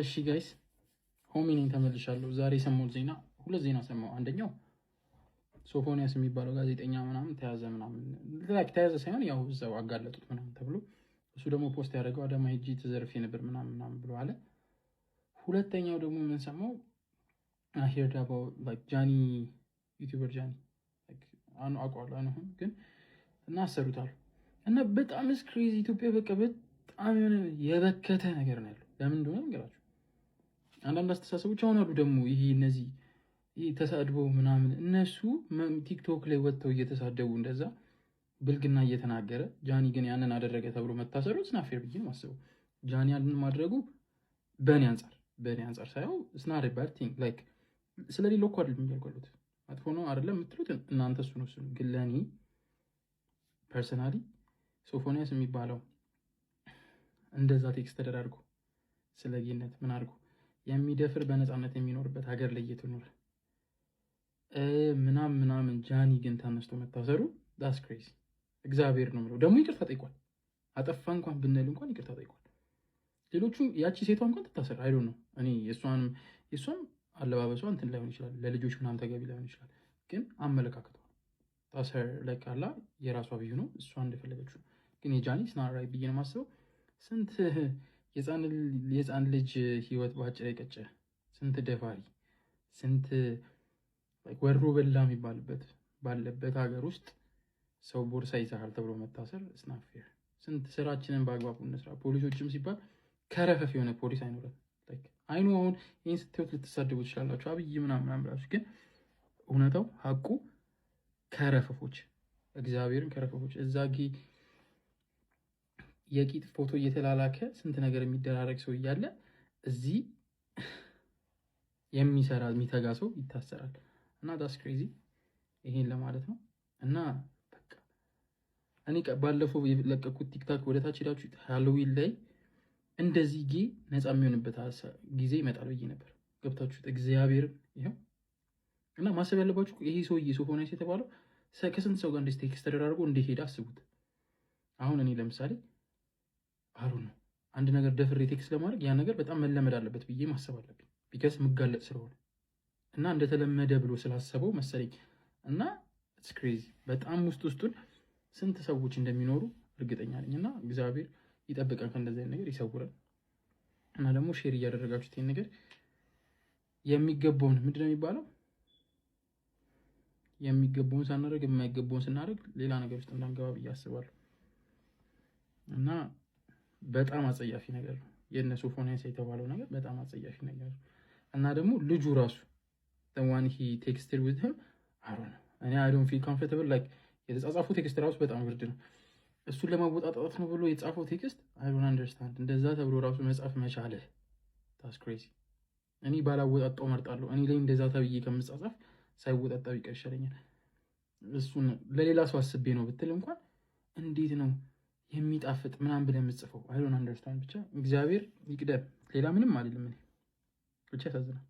እሺ ጋይስ ሆሜ ነኝ ተመልሻለሁ። ዛሬ የሰማሁት ዜና ሁለት ዜና ሰማሁ። አንደኛው ሶፎኒያስ የሚባለው ጋዜጠኛ ምናምን ተያዘ ምናምን ተያዘ ሳይሆን ያው እዛው አጋለጡት ምናምን ተብሎ እሱ ደግሞ ፖስት ያደረገው አዳማ ሄጂ ተዘርፍ የነበር ምናምን ምናምን ብሎ አለ። ሁለተኛው ደግሞ ምን ሰማሁ ሄርዳባው ጃኒ ዩቲበር ጃኒ አኑ አቋሉ አሁን ግን እና እናሰሩታሉ እና በጣም ስክሬዚ ኢትዮጵያ በቃ በጣም የሆነ የበከተ ነገር ነው ያለው። ለምን እንደሆነ ንገራቸው አንዳንድ አስተሳሰቦች አሁን አሉ ደግሞ ይሄ እነዚህ ተሳድበው ምናምን እነሱ ቲክቶክ ላይ ወጥተው እየተሳደቡ እንደዛ ብልግና እየተናገረ ጃኒ ግን ያንን አደረገ ተብሎ መታሰሩ ስናፌር ብዬ ማስበው ጃኒ ያንን ማድረጉ በእኔ አንጻር በእኔ አንጻር ሳየው ስናሪ ባድ ቲንግ ላይክ ስለሌለው እኮ አይደለም እያልኳሉት መጥፎ ነው አይደለም የምትሉት እናንተ እሱ ነው ስሉ ግን ለእኔ ፐርሰናሊ ሶፎንያስ የሚባለው እንደዛ ቴክስ ተደራርጎ ስለ ምን አድርጎ የሚደፍር በነፃነት የሚኖርበት ሀገር ላይ እየተኖረ ምናም ምናምን ጃኒ ግን ተነስቶ መታሰሩ ዳስ ክሬዚ እግዚአብሔር ነው ምለው። ደግሞ ይቅርታ ጠይቋል። አጠፋ እንኳን ብንል እንኳን ይቅርታ ጠይቋል። ሌሎቹ ያቺ ሴቷ እንኳን ትታሰር አይዶ ነው። እኔ የእሷን የእሷም አለባበሷ እንትን ላይሆን ይችላል፣ ለልጆች ምናም ተገቢ ላይሆን ይችላል። ግን አመለካከቷ ታሰር ላይ ካላ የራሷ ብዩ ነው እሷ እንደፈለገች ግን የጃኒ ስናራይ ብዬ ነው ማስበው ስንት የህፃን ልጅ ህይወት በአጭር የቀጨ ስንት ደፋሪ ስንት ወሮ በላ የሚባልበት ባለበት ሀገር ውስጥ ሰው ቦርሳ ይዛሃል ተብሎ መታሰር ስናፌር ስንት ስራችንን በአግባቡ እንስራ። ፖሊሶችም ሲባል ከረፈፍ የሆነ ፖሊስ አይኖረም። አይኑ አሁን ይህን ስትወት ልትሳደቡ ትችላላችሁ፣ አብይ ምናምን ብላችሁ። ግን እውነታው ሀቁ ከረፈፎች እግዚአብሔርን ከረፈፎች እዛ ጊ የቂጥ ፎቶ እየተላላከ ስንት ነገር የሚደራረግ ሰው እያለ እዚህ የሚሰራ የሚተጋ ሰው ይታሰራል። እና ዳስ ክሬዚ ይሄን ለማለት ነው። እና በቃ እኔ ባለፈው የለቀኩት ቲክታክ ወደ ታች ሄዳችሁ ሃሎዊን ላይ እንደዚህ ጌ ነፃ የሚሆንበት ጊዜ ይመጣል ብዬ ነበር። ገብታችሁት እግዚአብሔር ይኸው እና ማሰብ ያለባችሁ ይሄ ሰውዬ ሆነ የተባለው ከስንት ሰው ጋር እንደ ተደራርጎ እንደሄደ አስቡት። አሁን እኔ ለምሳሌ አሩን ነው አንድ ነገር ደፍሬ ቴክስ ለማድረግ ያ ነገር በጣም መለመድ አለበት ብዬ ማሰብ አለብኝ። ቢከስ ምጋለጥ ስለሆነ እና እንደተለመደ ብሎ ስላሰበው መሰለኝ እና ስክሬዚ በጣም ውስጥ ውስጡን ስንት ሰዎች እንደሚኖሩ እርግጠኛ ነኝ። እና እግዚአብሔር ይጠብቀን ከእንደዚህ ነገር ይሰውረን። እና ደግሞ ሼር እያደረጋችሁት ይህን ነገር የሚገባውን ምንድን የሚባለው? የሚገባውን ሳናደርግ የማይገባውን ስናደርግ ሌላ ነገር ውስጥ እንዳንገባ ብዬ አስባለሁ እና በጣም አጸያፊ ነገር ነው። የእነ ሶፎንያስ የተባለው ነገር በጣም አጸያፊ ነገር ነው እና ደግሞ ልጁ ራሱ ዋን ሂ ቴክስትድ ዊዝ ሂም አሮ ነው እኔ አይዶን ፊል ኮንፈርታብል ላይክ የተጻጻፉ ቴክስት ራሱ በጣም ብርድ ነው። እሱን ለማወጣጣት ነው ብሎ የጻፈው ቴክስት አይ ዶንት አንደርስታንድ። እንደዛ ተብሎ ራሱ መጻፍ መቻለ ታስ ክሬዚ። እኔ ባላወጣጣው መርጣለሁ። እኔ ላይ እንደዛ ተብዬ ከምጻጻፍ ሳይወጣጣው ይቀር ይሻለኛል። እሱን ለሌላ ሰው አስቤ ነው ብትል እንኳን እንዴት ነው የሚጣፍጥ ምናምን ብለህ የምጽፈው አይዶን አንደርስታንድ ብቻ እግዚአብሔር ይቅደም። ሌላ ምንም አይደለም። ብቻ ያሳዝናል።